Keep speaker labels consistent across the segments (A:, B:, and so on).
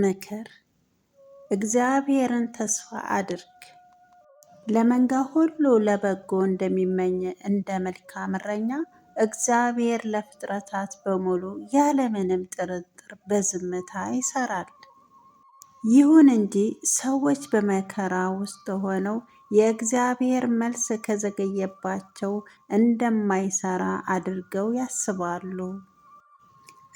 A: ምክር፣ እግዚአብሔርን ተስፋ አድርግ። ለመንጋ ሁሉ ለበጎ እንደሚመኝ እንደ መልካም እረኛ እግዚአብሔር ለፍጥረታት በሙሉ ያለምንም ጥርጥር በዝምታ ይሰራል። ይሁን እንጂ ሰዎች በመከራ ውስጥ ሆነው የእግዚአብሔር መልስ ከዘገየባቸው እንደማይሰራ አድርገው ያስባሉ።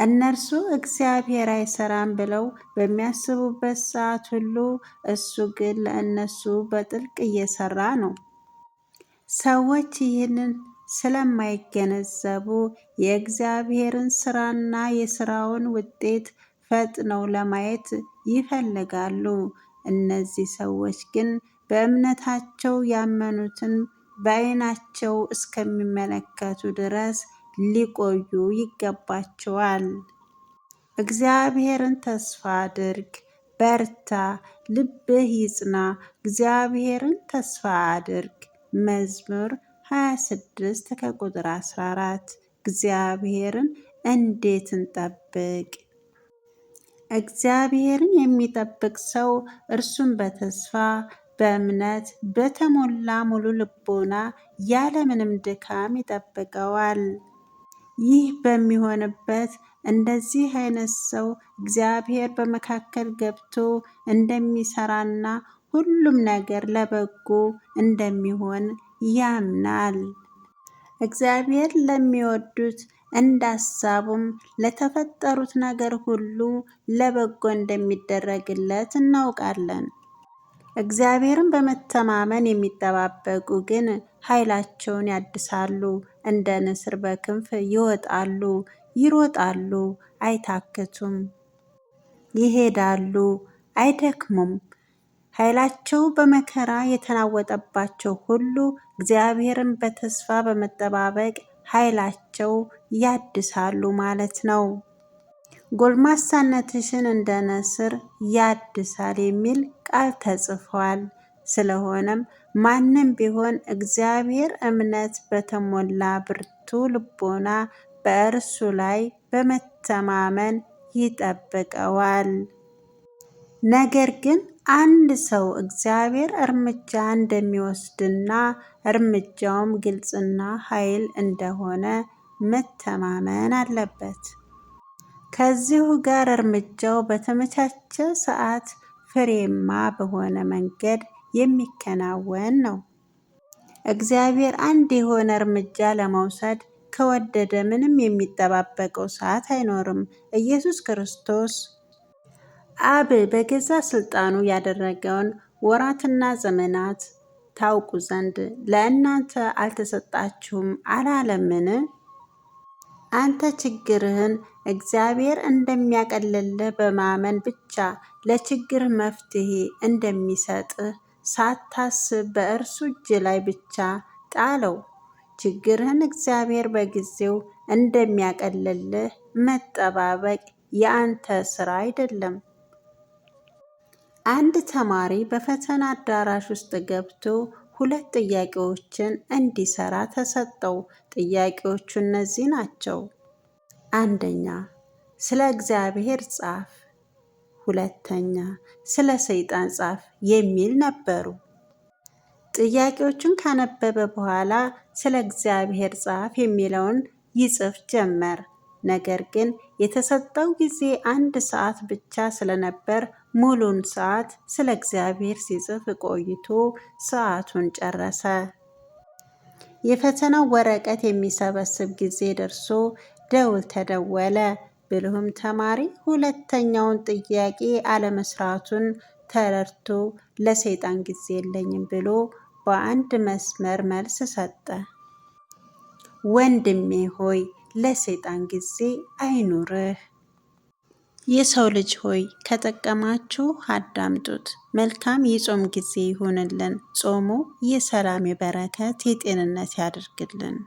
A: እነርሱ እግዚአብሔር አይሰራም ብለው በሚያስቡበት ሰዓት ሁሉ እሱ ግን ለእነሱ በጥልቅ እየሰራ ነው። ሰዎች ይህንን ስለማይገነዘቡ የእግዚአብሔርን ስራና የስራውን ውጤት ፈጥነው ለማየት ይፈልጋሉ። እነዚህ ሰዎች ግን በእምነታቸው ያመኑትን በዓይናቸው እስከሚመለከቱ ድረስ ሊቆዩ ይገባቸዋል። እግዚአብሔርን ተስፋ አድርግ፣ በርታ፣ ልብህ ይጽና፣ እግዚአብሔርን ተስፋ አድርግ። መዝሙር 26 ከቁጥር 14 እግዚአብሔርን እንዴት እንጠብቅ? እግዚአብሔርን የሚጠብቅ ሰው እርሱን በተስፋ በእምነት በተሞላ ሙሉ ልቦና ያለምንም ድካም ይጠብቀዋል። ይህ በሚሆንበት እንደዚህ አይነት ሰው እግዚአብሔር በመካከል ገብቶ እንደሚሰራና ሁሉም ነገር ለበጎ እንደሚሆን ያምናል። እግዚአብሔር ለሚወዱት እንዳሳቡም ለተፈጠሩት ነገር ሁሉ ለበጎ እንደሚደረግለት እናውቃለን። እግዚአብሔርን በመተማመን የሚጠባበቁ ግን ኃይላቸውን ያድሳሉ፣ እንደ ንስር በክንፍ ይወጣሉ፣ ይሮጣሉ፣ አይታክቱም፣ ይሄዳሉ፣ አይደክሙም። ኃይላቸው በመከራ የተናወጠባቸው ሁሉ እግዚአብሔርን በተስፋ በመጠባበቅ ኃይላቸው ያድሳሉ ማለት ነው። ጎልማሳነትሽን እንደ ያድሳል የሚል ቃል ተጽፏል። ስለሆነም ማንም ቢሆን እግዚአብሔር እምነት በተሞላ ብርቱ ልቦና በእርሱ ላይ በመተማመን ይጠብቀዋል። ነገር ግን አንድ ሰው እግዚአብሔር እርምጃ እንደሚወስድና እርምጃውም ግልጽና ኃይል እንደሆነ መተማመን አለበት። ከዚሁ ጋር እርምጃው በተመቻቸ ሰዓት ፍሬማ በሆነ መንገድ የሚከናወን ነው። እግዚአብሔር አንድ የሆነ እርምጃ ለመውሰድ ከወደደ ምንም የሚጠባበቀው ሰዓት አይኖርም። ኢየሱስ ክርስቶስ አብ በገዛ ስልጣኑ ያደረገውን ወራትና ዘመናት ታውቁ ዘንድ ለእናንተ አልተሰጣችሁም አላለምን? አንተ ችግርህን እግዚአብሔር እንደሚያቀልልህ በማመን ብቻ ለችግር መፍትሄ እንደሚሰጥህ ሳታስብ በእርሱ እጅ ላይ ብቻ ጣለው። ችግርህን እግዚአብሔር በጊዜው እንደሚያቀልልህ መጠባበቅ የአንተ ስራ አይደለም። አንድ ተማሪ በፈተና አዳራሽ ውስጥ ገብቶ ሁለት ጥያቄዎችን እንዲሰራ ተሰጠው። ጥያቄዎቹ እነዚህ ናቸው። አንደኛ ስለ እግዚአብሔር ጻፍ፣ ሁለተኛ ስለ ሰይጣን ጻፍ የሚል ነበሩ። ጥያቄዎቹን ካነበበ በኋላ ስለ እግዚአብሔር ጻፍ የሚለውን ይጽፍ ጀመር። ነገር ግን የተሰጠው ጊዜ አንድ ሰዓት ብቻ ስለነበር ሙሉን ሰዓት ስለ እግዚአብሔር ሲጽፍ ቆይቶ ሰዓቱን ጨረሰ። የፈተናው ወረቀት የሚሰበስብ ጊዜ ደርሶ ደውል ተደወለ። ብልሁም ተማሪ ሁለተኛውን ጥያቄ አለመስራቱን ተረድቶ ለሰይጣን ጊዜ የለኝም ብሎ በአንድ መስመር መልስ ሰጠ። ወንድሜ ሆይ ለሰይጣን ጊዜ አይኑርህ። የሰው ልጅ ሆይ ከጠቀማችሁ አዳምጡት። መልካም የጾም ጊዜ ይሆንልን። ጾሙ የሰላም የበረከት የጤንነት ያድርግልን።